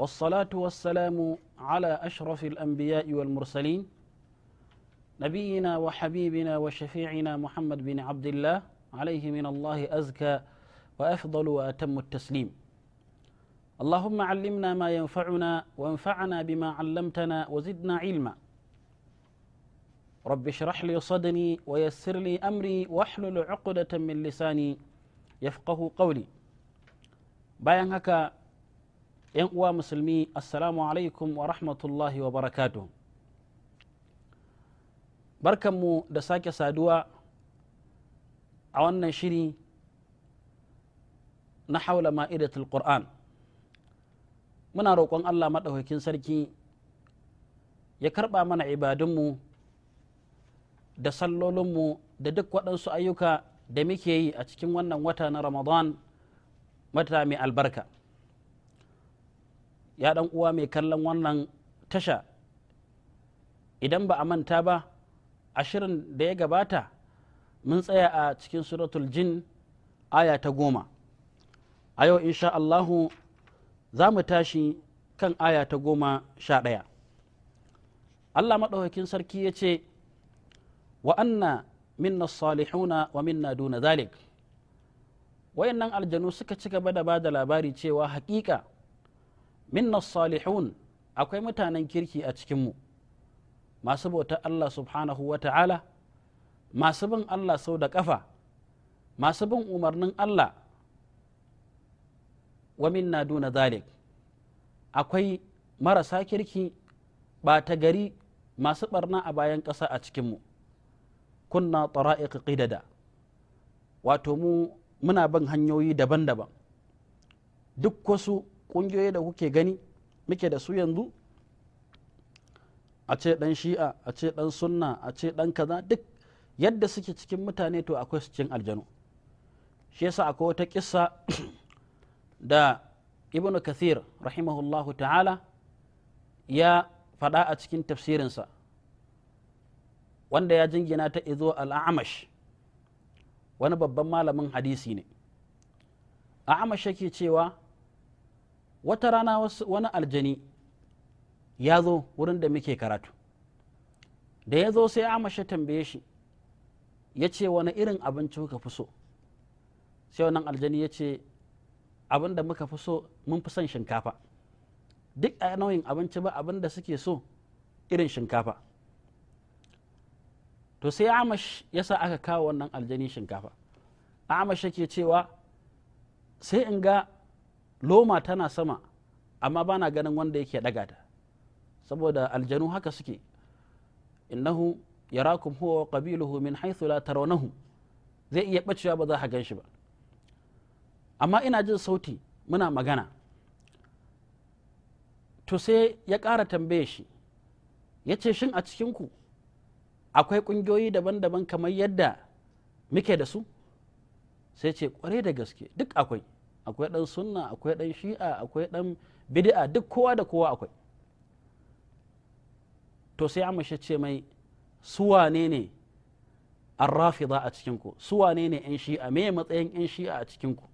والصلاة والسلام على أشرف الأنبياء والمرسلين نبينا وحبيبنا وشفيعنا محمد بن عبد الله عليه من الله أزكى وأفضل وأتم التسليم اللهم علمنا ما ينفعنا وانفعنا بما علمتنا وزدنا علما رب اشرح لي صدري ويسر لي أمري واحلل عقدة من لساني يفقه قولي بيانك 'yan uwa musulmi assalamu alaikum wa rahmatullahi wa barakatu barkanmu da sake saduwa a wannan shiri na haula ma'idatul qur'an muna roƙon allah maɗaukakin sarki ya karɓa mana ibadunmu da sallolinmu da duk waɗansu ayyuka da muke yi a cikin wannan wata na ramadan mata mai albarka ya dan uwa mai kallon wannan tasha idan ba a manta ba ashirin da ya gabata mun tsaya a cikin suratul jin aya ta goma a yau insha Allahu za mu tashi kan aya ta goma sha ɗaya Allah maɗaukakin sarki ya ce wa anna minna salihuna wa minna duna zalik wayannan aljanu suka ci gaba da ba da labari cewa haƙiƙa minna salihun akwai mutanen kirki a cikinmu masu bauta Allah subhanahu wa ta'ala masu bin Allah sau da ƙafa masu bin umarnin Allah wa minna duna zalik akwai marasa kirki ba ta gari masu barna a bayan ƙasa a cikinmu kunna tara'iq qidada wato mu muna bin hanyoyi daban-daban duk wasu Ƙungiyoyin da kuke gani muke da su yanzu a ce ɗan shi'a a ce ɗan sunna a ce ɗan kaza duk yadda suke cikin mutane to akwai su cikin aljanu shi yasa akwai wata kissa da ibnu kathir rahimahullahu ta'ala ya faɗa a cikin tafsirinsa wanda ya jingina ta izo al'amash wani babban malamin hadisi ne amash yake cewa wata rana wani aljani ya zo wurin da muke karatu da ya zo sai amasha tambaye shi ya ce wani irin abinci kuka fi so sai wannan aljani ya ce abin da muka fi so mun fi son shinkafa duk a nauyin abinci ba abin da suke so irin shinkafa to sai amash ya sa aka kawo wannan aljani shinkafa amash yake cewa sai in ga loma tana sama amma bana ganin wanda yake daga ta saboda aljanu haka suke innahu yarakum huwa wa qabiluhu min haythu la tarawnahu zai iya bacewa ba za ka gan shi ba amma ina jin sauti muna magana to sai ya ƙara tambaye shi ya ce shin a cikinku akwai ƙungiyoyi daban-daban kamar yadda muke da su sai ce kware da gaske duk akwai akwai ɗan sunna akwai ɗan shi'a akwai ɗan bid'a duk kowa da kowa akwai to sai amashe ce mai suwane ne arrafida a cikinku suwane ne 'yan shi'a me matsayin 'yan shi'a a cikinku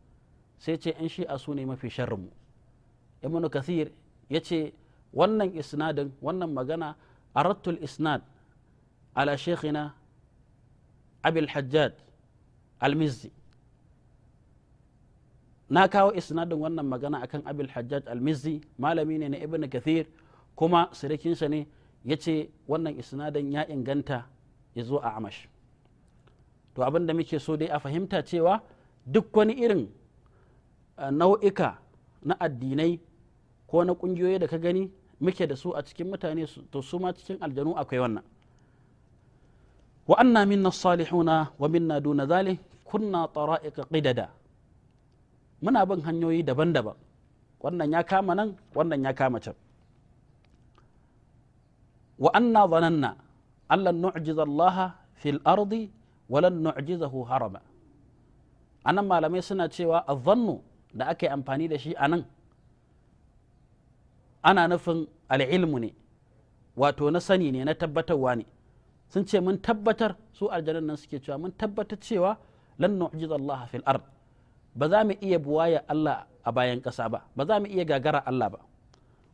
sai ce 'yan shi'a su ne mafi mu ibn kathir ya ce wannan isnadin wannan magana arattul isnad ala shekhina abil hajjad al-mizzi na kawo isnadin wannan magana akan abil hajjaj al malami ne na ibn kathir kuma sirikinsa ne ya ce wannan isnadin ya inganta ya zo a amash to abin da muke so dai a fahimta cewa duk wani irin eh, nau'ika na addinai ko na ƙungiyoyi da ka gani muke da su a cikin mutane to su ma cikin aljanu akwai wannan wa anna minna salihuna wa minna duna zalik kunna tara'iqa qidada muna bin hanyoyi daban-daban wannan ya kama nan wannan ya kama can wa anna zananna allan nu'jiza allaha fil ardi walan nu'jizahu harama anan malamai suna cewa azannu da aka yi amfani da shi anan ana nufin al'ilmu ne wato na sani ne na tabbatarwa ne sun ce mun tabbatar su aljanan nan suke cewa mun tabbatar cewa lan nu'jiz Allah fil ard ba za mu iya buwaya Allah a bayan ƙasa ba ba za mu iya gagara Allah ba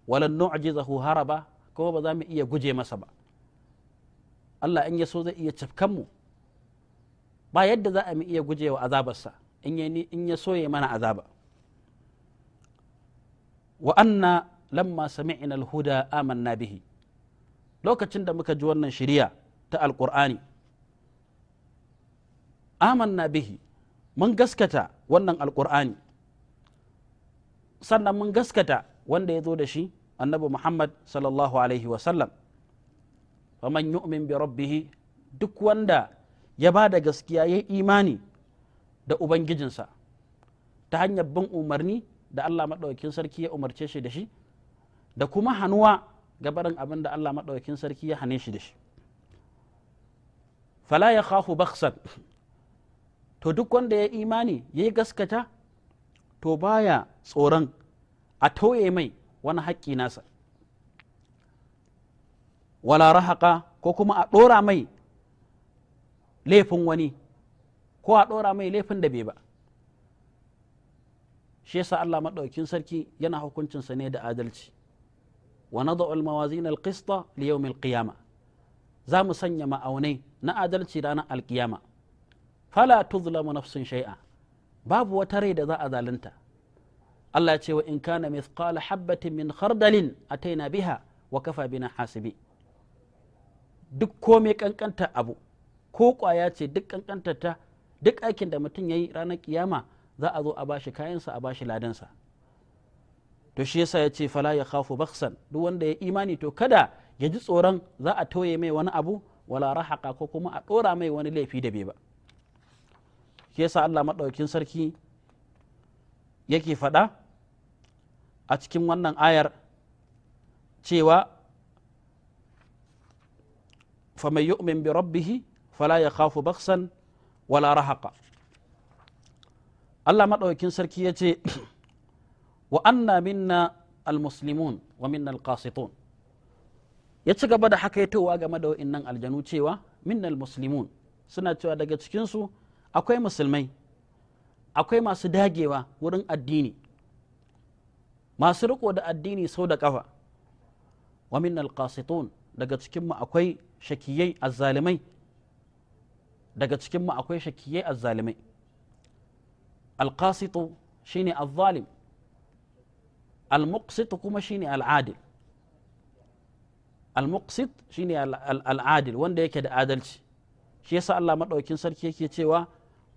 walan nu'jizahu haraba kuma ba za mu iya guje masa ba Allah in ya so zai iya cafkan mu ba yadda za a mu iya gujewa azabarsa in ya so ya mana azaba wa anna lamma sami'na al-huda amanna bihi lokacin da muka ji wannan shiriya ta alqur'ani amanna bihi mun gaskata wannan alkur'ani sannan mun gaskata wanda ya zo da shi annabi muhammad sallallahu alaihi wasallam man yu'min bi rabbihi duk wanda ya ba da gaskiya ya imani da ubangijinsa ta hanyar bin umarni da allah maɗaukin sarki ya umarce shi da shi da kuma hannuwa barin abin da allah maɗaukin sarki ya hane shi da shi fala ya khafu baksan to duk wanda ya imani ya yi gaskata to baya tsoron a tauye mai wani haƙƙi nasa wala rahaka ko kuma a ɗora mai laifin wani ko a ɗora mai laifin da bai ba shi yasa Allah maɗaukin sarki yana hukuncinsa ne da adalci wa nada'u al-mawazin al-qista li yawm al-qiyama za mu sanya ma'aunai na adalci ranar al-qiyama fala tuzlamu nafsin shay'a babu wata rai da za a zalunta Allah ce wa in kana mithqala habbatin min khardalin ataina biha wa kafa bina hasibi duk komai kankanta abu ko kwaya ce duk kankanta ta duk aikin da mutum yayi ranar kiyama za a zo a bashi kayansa a bashi ladansa to shi yasa yace fala ya khafu baksan duk wanda ya imani to kada ya ji tsoron za a toye mai wani abu wala rahaka ko kuma a dora mai wani laifi da bai ba shi yasa Allah maɗaukin sarki yake faɗa a cikin wannan ayar cewa faman yu'min bi rabbihi fala ya khafu baksan wala rahaqa Allah maɗaukin sarki ya ce wa anna minna almuslimun wa minna alqasitun ya ci gaba da hakaitowa game da wa'innan aljanu cewa minna almuslimun suna cewa daga cikinsu akwai musulmai akwai masu dagewa wurin addini masu riko da addini sau da ƙafa wa min alqasitun daga cikinmu akwai shakiyai azzalimai daga cikinmu akwai shakiyai azzalimai alqasitu shine azzalim almuqsitu kuma shine al'adil almuqsit shine al'adil wanda yake da adalci shi yasa Allah madaukin sarki yake cewa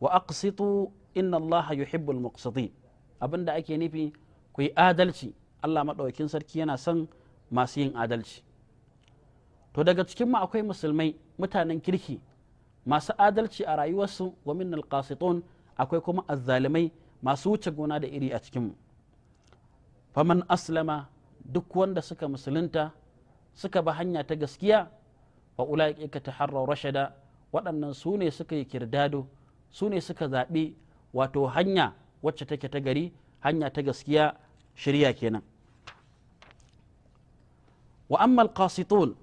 wa aqsitu inna allaha yuhibbul muqsitin abinda ake nufi ku yi adalci Allah maɗaukin sarki yana son masu yin adalci to daga cikin mu akwai musulmai mutanen kirki masu adalci a rayuwarsu wa minnal qasitun akwai kuma azzalimai masu wuce gona da iri a cikin cikinmu faman aslama duk wanda suka musulunta suka ba hanya ta gaskiya wa ulaiika taharraw rashada waɗannan su ne suka yi kirdado su ne suka zaɓi wato hanya wacce take ta gari hanya ta gaskiya shirya kenan wa ammal qasitun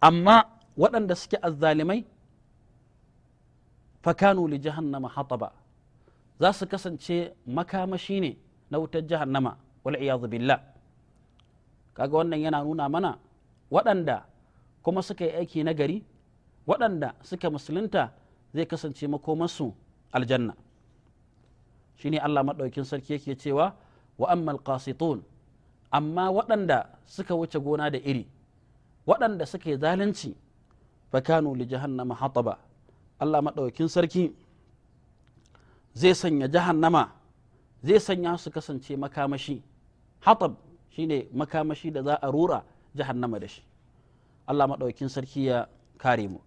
amma waɗanda suke azzalimai fakanu li jahannama hataba za su kasance makamashi ne na wutar jahannama wal iyadu billah kaga wannan yana nuna mana waɗanda kuma suka yi aiki na gari waɗanda suka musulunta zai kasance makomansu aljanna shine Allah maɗaukin sarki yake cewa wa ammal qasitun amma waɗanda suka wuce gona da iri waɗanda suka yi zalunci fa kanu li jahannama hataba Allah maɗaukin sarki zai sanya jahannama zai sanya su kasance makamashi hatab shine makamashi da za a rura jahannama da shi Allah maɗaukin sarki ya kare mu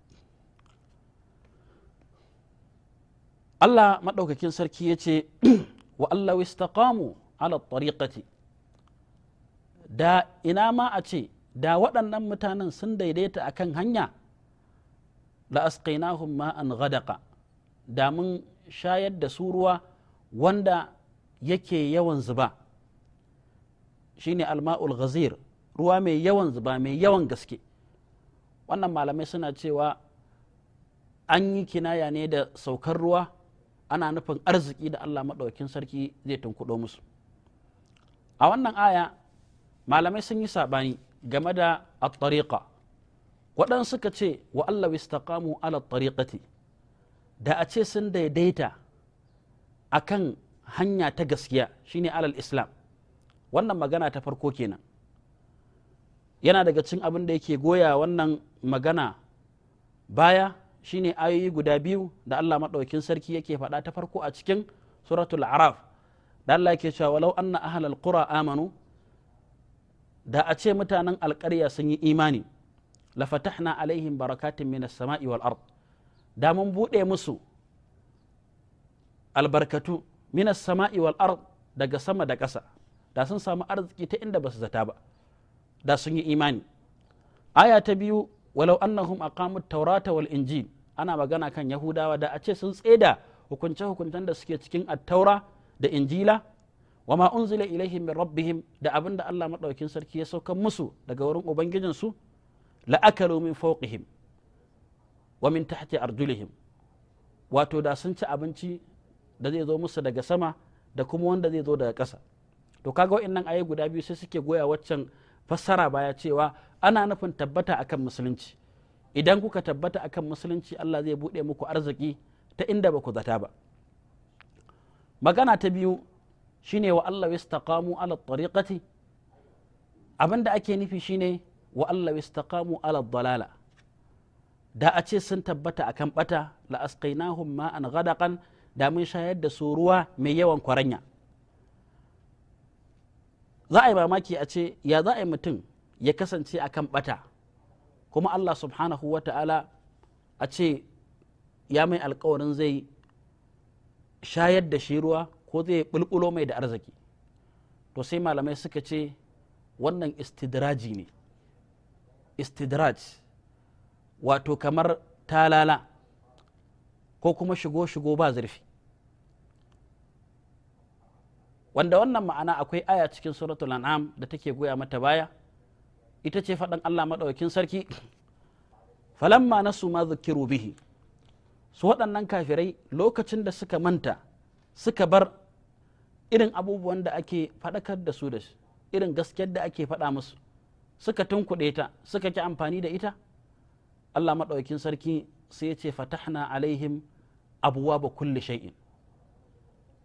Allah maɗaukakin sarki ya ce wa Allah istaqamu ala tariqati da ina ma a ce da waɗannan mutanen sun daidaita akan hanya la asqainahum ma'an ghadaqa da mun shayar da su ruwa wanda yake yawan zuba shine alma'ul ghazir ruwa mai yawan zuba mai yawan gaske wannan malamai suna cewa an yi kinaya ne da saukar ruwa ana nufin arziki da Allah maɗaukin sarki zai tunkuɗo musu a wannan aya malamai sun yi saɓani game da at-tariqa waɗansu suka ce wa Allah istaqamu ala tariqati da a ce sun daidaita a kan hanya ta gaskiya shine alal islam wannan magana ta farko kenan yana daga cin abin da yake goya wannan magana baya shine ayoyi guda biyu da Allah maɗaukin sarki yake faɗa ta farko a cikin suratul araf da Allah yake cewa walau anna ahlal qura amanu da a ce mutanen alƙarya sun yi imani la fatahna alaihim barakatin minas sama'i wal ard da mun buɗe musu albarkatu minas sama'i wal ard daga sama da ƙasa da sun samu arziki ta inda ba su zata ba da sun yi imani aya ta biyu walau annahum aqamut taurata wal injil ana magana kan yahudawa da a ce sun tseda hukunce hukuntan da suke cikin attaura da injila wa ma unzila ilaihim min rabbihim da abinda Allah madaukin sarki ya saukan musu daga wurin ubangijin su la akalu min fawqihim wa min tahti arjulihim wato da sun ci abinci da zai zo musu daga sama da kuma wanda zai zo daga ƙasa to kaga wa'annan ayi guda biyu sai suke goya waccan fassara baya cewa ana nufin tabbata akan musulunci idan kuka tabbata akan musulunci Allah zai buɗe muku arziki ta inda ba ku zata ba magana ta biyu shine wa Allah istaqamu ala tariqati abinda ake nufi shine wa Allah istaqamu ala dalala da a ce sun tabbata akan bata la asqainahum ma'an ghadaqan da mun shayar da su ruwa mai yawan kwaranya za a yi mamaki a ce ya za a yi mutum ya kasance a kan ɓata kuma Allah subhanahu wa ta'ala a ce ya mai alkawarin zai shayar da shi ruwa ko zai bulbulo mai da arziki to sai malamai suka ce wannan istidraji ne istidraj wato kamar talala ko kuma shigo-shigo ba zurfi wanda wannan ma'ana akwai aya cikin suratul an'am da take goya mata baya ita ce faɗin Allah maɗaukin sarki falamma nasu ma zukiru bihi su waɗannan kafirai lokacin da suka manta suka bar irin abubuwan da ake faɗakar da su da irin gaskiyar da ake faɗa musu suka tunkuɗe ta suka ki amfani da ita Allah maɗaukin sarki sai ya ce fatahna alaihim abuwa ba kulli shay'in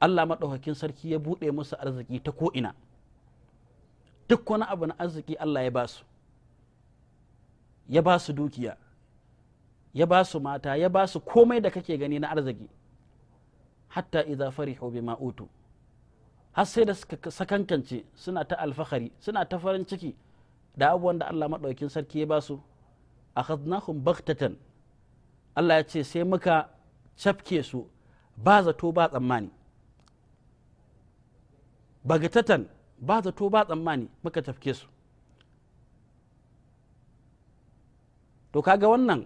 Allah maɗaukin sarki ya buɗe musu arziki ta ko'ina duk wani abu na arziki Allah ya ba su ya ba su dukiya ya ba su mata ya ba su komai da kake gani na arziki hatta idza farihu bima utu har sai da suka sakankance suna ta alfahari suna ta farin ciki da abubuwan da Allah maɗaukin sarki ya ba su akhadnahum baghtatan Allah ya ce sai muka cafke su ba zato ba tsammani baghtatan ba zato ba tsammani muka tafke su to kaga wannan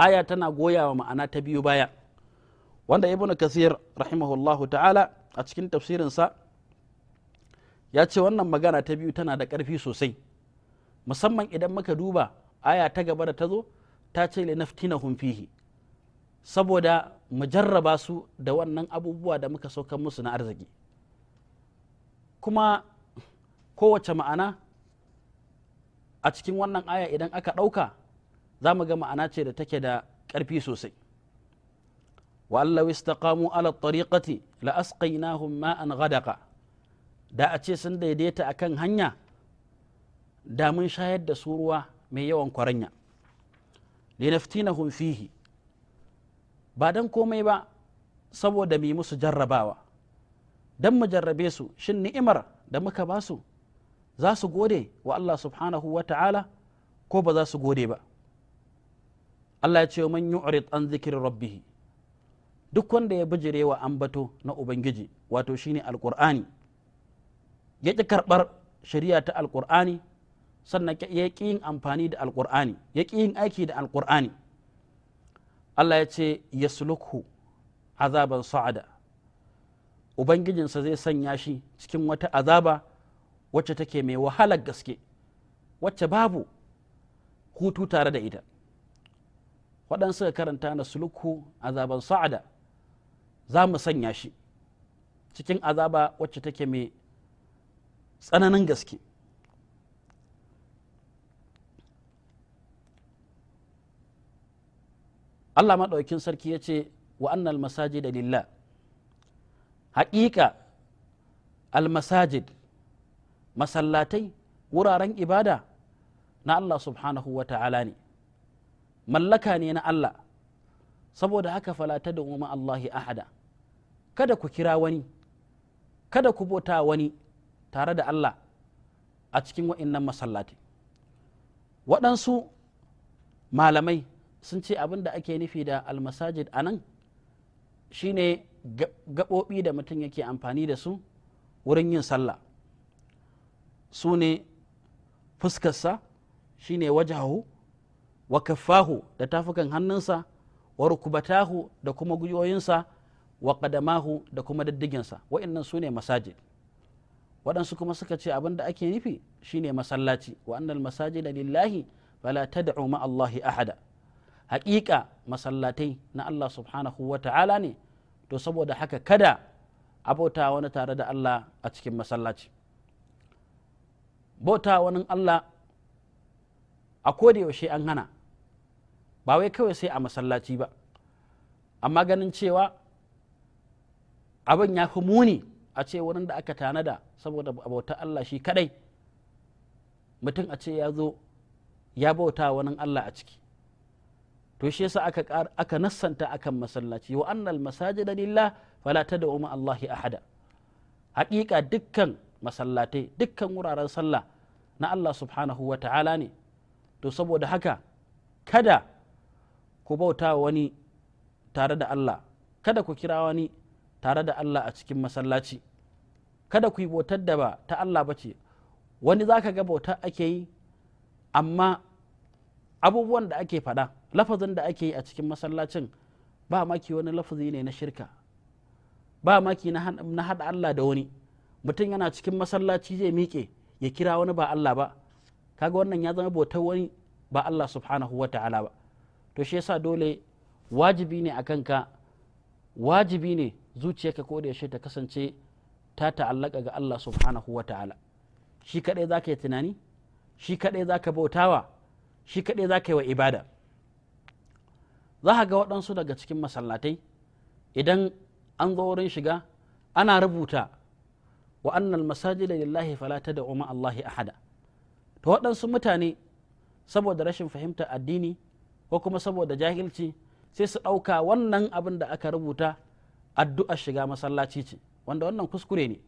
aya tana goyawa ma'ana ta biyu baya wanda ibnu kasir rahimahullahu ta'ala a cikin tafsirinsa ya ce wannan magana ta biyu tana da ƙarfi sosai musamman idan muka duba aya ta gaba da ta zo ta ce na fihi saboda mu jarraba su da wannan abubuwa da muka saukan musu na arziki kuma kowace ma'ana a cikin wannan aya idan aka ɗauka za mu ga ma'ana ce da take da ƙarfi sosai wallau istaqamu ala tariqati la asqaynahum ma'an ghadaqa da a ce sun daidaita akan hanya da mun shayar da su ruwa mai yawan kwaranya linaftinahum fihi ba dan komai ba saboda mai musu jarrabawa don mu jarrabe su shin ni'imar da muka ba su za su gode wa Allah subhanahu wa ta'ala ko ba za su gode ba Allah ya ce man yu'rid an zikirin rabbihi duk wanda ya bijire wa ambato na ubangiji wato shine alqur'ani ya ƙi karɓar shari'a ta alqur'ani sannan ya ƙi yin amfani da alqur'ani ya ƙi yin aiki da alqur'ani Allah ya ce yasluku azaban sa'ada ubangijinsa zai sanya shi cikin wata azaba wacce take mai wahalar gaske wacce babu hutu tare da ita waɗansu ka karanta na suluku azaban sa'ada za mu sanya shi cikin azaba wacce take mai tsananin gaske Allah maɗaukin sarki ya ce wa annal da lillah haƙiƙa almasajid masallatai wuraren ibada na Allah subhanahu wa ta'ala ne mallaka ne na Allah saboda haka falata da umar Allahi ahada kada ku kira wani kada ku bota wani tare da Allah a cikin wa'innan masallatai waɗansu malamai sun ce abin da ake nufi da almasajid a nan shine gaɓoɓi da mutum yake amfani da su wurin yin sallah su ne fuskarsa shi ne wajahu wa kaffahu da tafukan hannunsa wa rukubatahu da kuma gwiwoyinsa wa ƙadamahu da kuma daddiginsa. wa'annan su ne masajid waɗansu kuma suka ce abin da ake nufi shine masallaci wa annal masajid lillahi fala tad'u ma Allahi ahada haƙiƙa masallatai na Allah subhanahu wa ta'ala ne to saboda haka kada a bauta wani tare da Allah a cikin masallaci bauta wani Allah a yaushe an hana ba wai kawai sai a masallaci ba amma ganin cewa abin ya fi muni a ce wurin da aka tanada saboda bauta Allah shi kadai mutum a ce ya zo ya bauta wani Allah a ciki to shi yasa aka aka nassanta akan masallaci wa annal masajida lillah fala tad'u ma Allahi ahada haƙiƙa dukkan masallatai dukkan wuraren sallah na Allah subhanahu wa ta'ala ne to saboda haka kada ku bauta wani tare da Allah kada ku kira wani tare da Allah a cikin masallaci kada ku yi bautar da ba ta Allah bace wani za ka ga bauta ake yi amma abubuwan da ake faɗa lafazin da ake yi a cikin masallacin ba maki wani lafazi ne na shirka ba maki na haɗa Allah da wani mutum yana cikin masallaci zai miƙe ya kira wani ba Allah ba kaga wannan ya zama bautar wani ba Allah subhanahu wa ta'ala ba to shi yasa dole wajibi ne a kanka wajibi ne zuciyarka ko da yaushe ta kasance ta ta'allaka ga Allah subhanahu wa ta'ala shi kadai zaka yi tunani shi kadai zaka bautawa shi kaɗai za ka yi wa ibada za ka ga waɗansu daga cikin masallatai idan an zo wurin shiga ana rubuta wa annal masajida lillahi fala da umma Allahi ahada to waɗansu mutane saboda rashin fahimta addini ko kuma saboda jahilci sai su ɗauka wannan abin da aka rubuta addu'ar shiga masallaci ce wanda wannan kuskure ne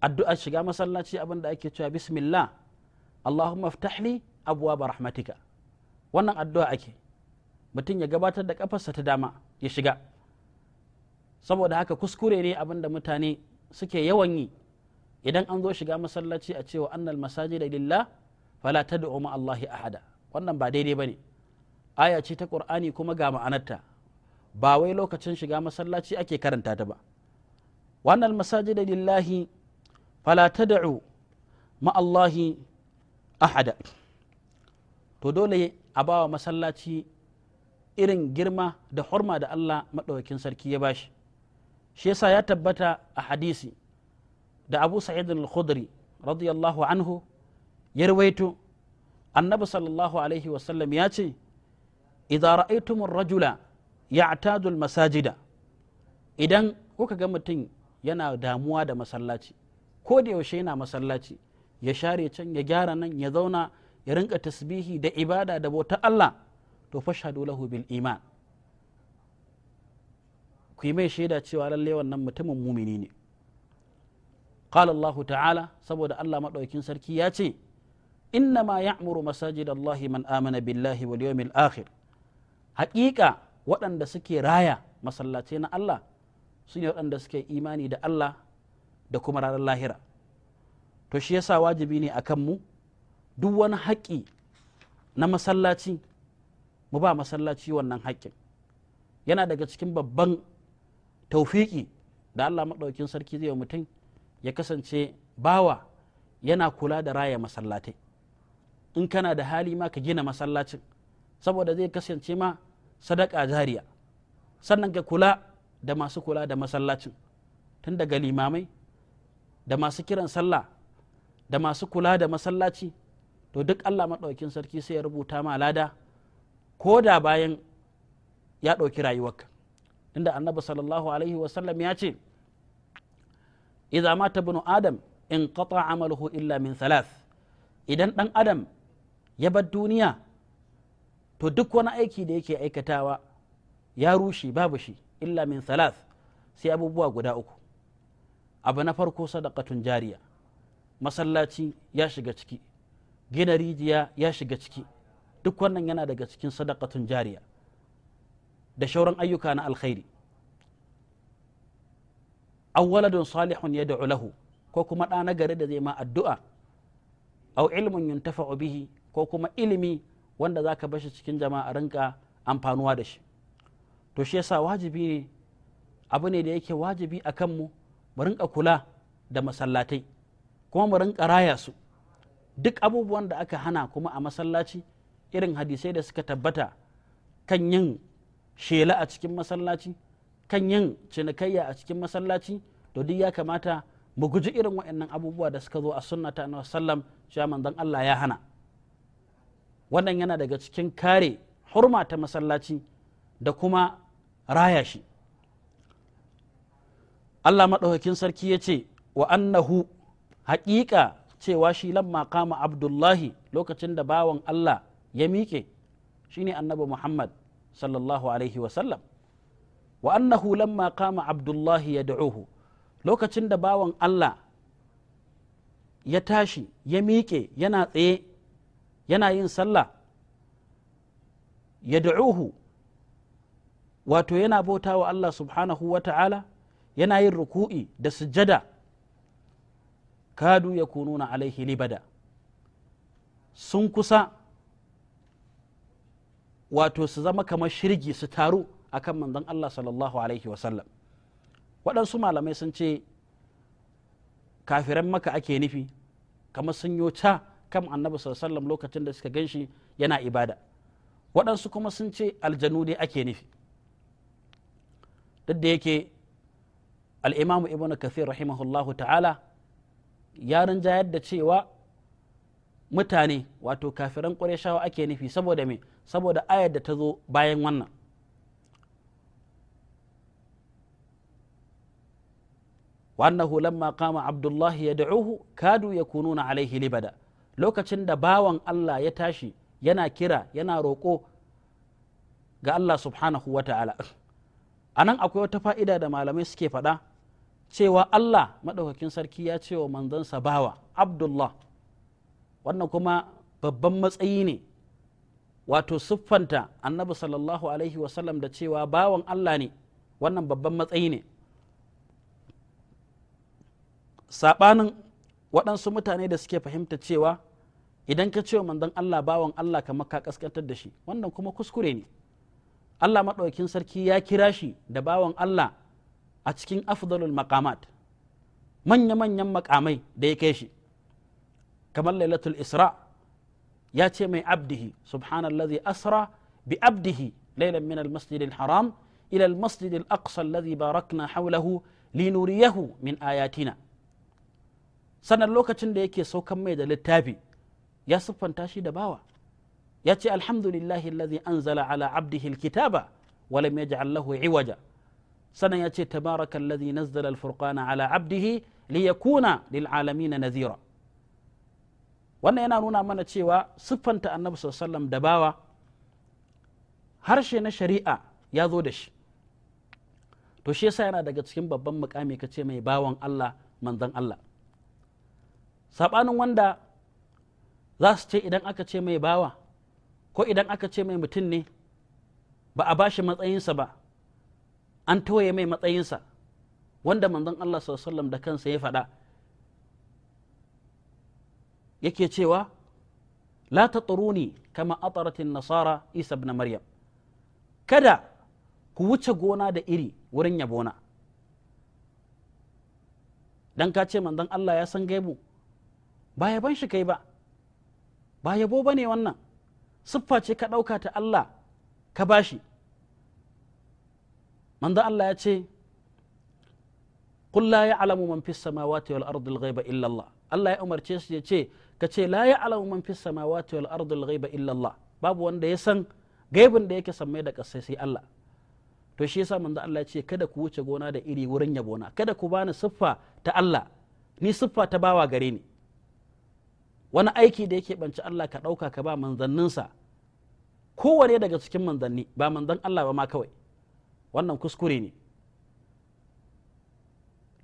addu'ar shiga masallaci abin da ake cewa bismillah Allahumma ftahli abuwa ba rahmatika wannan addu'a ake mutum ya gabatar da kafarsa ta dama ya shiga saboda haka kuskure ne abin da mutane suke yawan yi idan an zo shiga masallaci a cewa annal masajida lillah fala tad'u ma Allahi ahada wannan ba daidai ne aya ce ta Qur'ani kuma ga ma'anarta ba wai lokacin shiga masallaci ake karanta ta ba wannan masajida lillahi fala tad'u ma Allahi ahada to dole a bawa masallaci irin girma da hurma da Allah maɗaukakin sarki ya bashi shi yasa ya tabbata a hadisi da Abu Sa'id al-Khudri radiyallahu anhu ya rawaito annabi sallallahu alaihi wasallam ya ce idan ra'aytum ar-rajula ya'tadu al-masajida idan kuka ga mutum yana damuwa da masallaci ko da yaushe yana masallaci ya share can ya gyara nan ya zauna ya rinka tasbihi da ibada da bauta Allah to fashhadu lahu bil iman ku yi mai shaida cewa lallai wannan mutumin mumini ne qala Allah ta'ala saboda Allah madaukin sarki ya ce inna ma ya'muru masajid Allah man amana billahi wal yawmil akhir haƙiƙa waɗanda suke raya masallace na Allah su ne waɗanda suke imani da Allah da kuma ranar lahira to shi yasa wajibi ne akan mu duk wani haƙƙi na masallaci mu ba masallaci wannan haƙƙin yana daga cikin babban taufiki da Allah maɗaukin sarki zai mutum ya kasance bawa yana kula da raya masallatai in kana da hali ma ka gina masallacin saboda zai kasance ma sadaka jariya sannan ka kula da masu kula da masallacin tun daga limamai da masu kiran sallah da masu kula da masallaci to duk allah maɗaukin sarki sai ya rubuta ma lada ko da bayan ya ɗauki rayuwarka inda annabi sallallahu alaihi wasallam ya ce idza mata ibnu adam in qata amaluhu illa min thalath idan ɗan adam ya bar duniya to duk wani aiki da yake aikatawa ya rushe babu shi illa min thalath sai abubuwa guda uku abu na farko sadaqatun jariya masallaci ya shiga ciki gina rijiya ya shiga ciki duk wannan yana daga cikin sadakatun jariya da shauran ayyuka na alkhairi awwaladun salihun ya lahu ko kuma ɗa na gari da zai ma addu'a aw ilmun yuntafa'u bihi ko kuma ilimi wanda zaka bashi cikin jama'a rinka amfanuwa da shi to shi yasa wajibi ne abu ne da yake wajibi a mu mu rinka kula da masallatai kuma mu rinka raya su duk abubuwan da aka hana kuma a masallaci irin hadisai da suka tabbata kan yin shela a cikin masallaci kan yin cinikayya a cikin masallaci to duk ya kamata mu guji irin waɗannan abubuwa da suka zo a sunnata na sallam cewa manzon Allah ya hana wannan yana daga cikin kare hurma ta masallaci da kuma raya shi Allah maɗaukakin sarki ya ce wa annahu haƙiƙa cewa shi lamma kama abdullahi lokacin da bawan Allah ya miƙe shine annabi Muhammad sallallahu alaihi wasallam wa annahu lamma kama abdullahi ya da'uhu lokacin da bawan Allah ya tashi ya miƙe yana tsaye yana yin sallah ya da'uhu wato yana bauta wa Allah subhanahu wa ta'ala yana yin ruku'i da sujjada kadu ya kununa alaihi libada sun kusa wato su zama kamar shirgi su taru akan manzon Allah sallallahu alaihi wasallam waɗansu malamai sun ce kafiran maka ake nufi kamar sun yota kan annabi sallallahu lokacin da suka ganshi yana ibada waɗansu kuma sun ce aljanu ne ake nufi duk da yake al'imamu ibn kathir rahimahullahu ta'ala ya rinjayar da cewa mutane wato kafiran shawa ake nufi saboda me saboda ayar da ta zo bayan wannan وأنه Abdullahi ya عبد kadu ya كادوا يكونون عليه لبدا lokacin da bawan Allah ya tashi yana kira yana roƙo ga Allah subhanahu wa ta'ala a nan akwai wata fa'ida da malamai suke faɗa cewa Allah maɗaukakin sarki ya ce wa manzansa bawa Abdullah wannan kuma babban matsayi ne wato siffanta annabi sallallahu alaihi wasallam da cewa bawan Allah ne wannan babban matsayi ne saɓanin waɗansu mutane da suke fahimta cewa idan ka ce wa manzon Allah bawan Allah kamar ka kaskantar da shi wannan kuma kuskure ne Allah maɗaukin sarki ya kira shi da bawan Allah a أفضل المقامات من manya-manyan makamai da ya kai shi kamar lailatul isra ya ce mai abdihi subhanallazi ليلا من المسجد الحرام إلى المسجد الأقصى الذي باركنا حوله لنريه من آياتنا سنة لوكة ديك سو كم ميدا للتابي يا صفن تاشي دباوة ياتي الحمد لله الذي أنزل على عبده الكتاب ولم يجعل له عوجا sannan ya ce tabaraka alladhi nazzala al furkana ala abdihi liyakuna lil na nadhira wannan yana nuna mana cewa siffanta annabi sallallahu da bawa harshe na shari'a ya zo da shi to shi yasa yana daga cikin babban mukami ka ce mai bawan Allah manzon Allah sabanin wanda za su ce idan aka ce mai bawa ko idan aka ce mai mutum ne ba a bashi matsayinsa ba an toye mai matsayinsa wanda manzon Allah sallallahu da kansa ya faɗa yake cewa la tatruni kama atsaratin nasara isa ibn maryam kada ku wuce gona da iri wurin yabona dan ka ce manzon Allah ya san gaibu ba yaban shi kai ba ba yabo ba ne wannan siffa ce ka ɗauka ta Allah ka bashi manzo Allah ya ce qul la ya'lamu man fis samawati wal ardi al-ghaiba illa Allah Allah ya umarce su ya ce ka ce la ya'lamu man fis samawati wal ardi al-ghaiba illa Allah babu wanda ya san gaibin da yake sammai da kasai sai Allah to shi yasa manzo Allah ya ce kada ku wuce gona da iri wurin bona. kada ku bani siffa ta Allah ni siffa ta bawa gare ni wani aiki da yake banci Allah ka ɗauka ka ba manzanninsa kowane daga cikin manzanni ba manzan Allah ba ma kawai wannan kuskure ne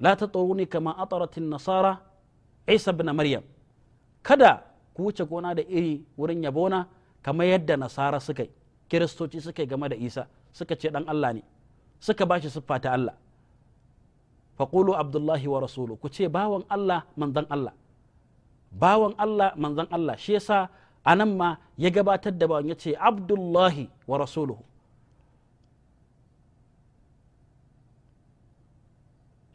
la ta ne kama ataratin nasara isa bin maryam kada ku wuce gona da iri wurin yabona kamar yadda nasara suka yi kiristoci suka yi game da isa suka ce dan allah ne suka ba shi siffa ta allah faƙulu abdullahi wa rasulu ku ce bawan allah manzan allah bawan allah manzan allah shi yasa a nan ma ya gabatar da bawan ya ce abdullahi wa rasuluhu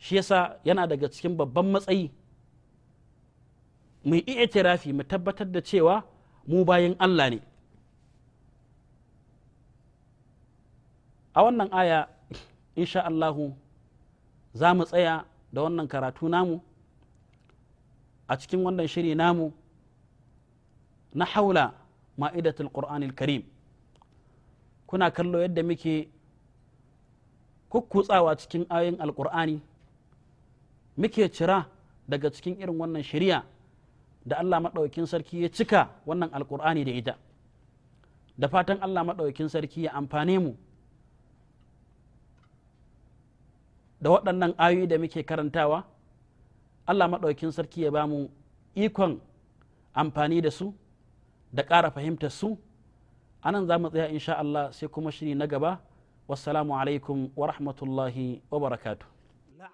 shi yasa yana daga cikin babban matsayi mu yi i'tirafi mu tabbatar da cewa mu bayan Allah ne a wannan aya insha Allahu za mu tsaya da wannan karatu namu a cikin wannan shiri namu na haula ma'idatul qur'anil karim kuna kallo yadda muke kukkutsawa cikin ayoyin alkur'ani muke cira daga cikin irin wannan shari'a da Allah maɗaukin sarki ya cika wannan alkur'ani da ita da fatan Allah maɗaukin sarki ya amfane mu da waɗannan ayoyi da muke karantawa Allah maɗaukin sarki ya ba mu ikon amfani da su da ƙara fahimtar su a nan za mu tsaya insha Allah sai kuma shiri na gaba wassalamu alaikum wa rahmatullahi wa barakatuh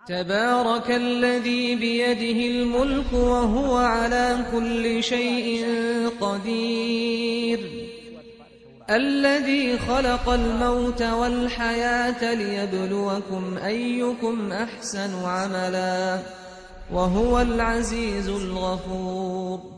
تبارك الذي بيده الملك وهو على كل شيء قدير الذي خلق الموت والحياة ليبلوكم أيكم أحسن عملا وهو العزيز الغفور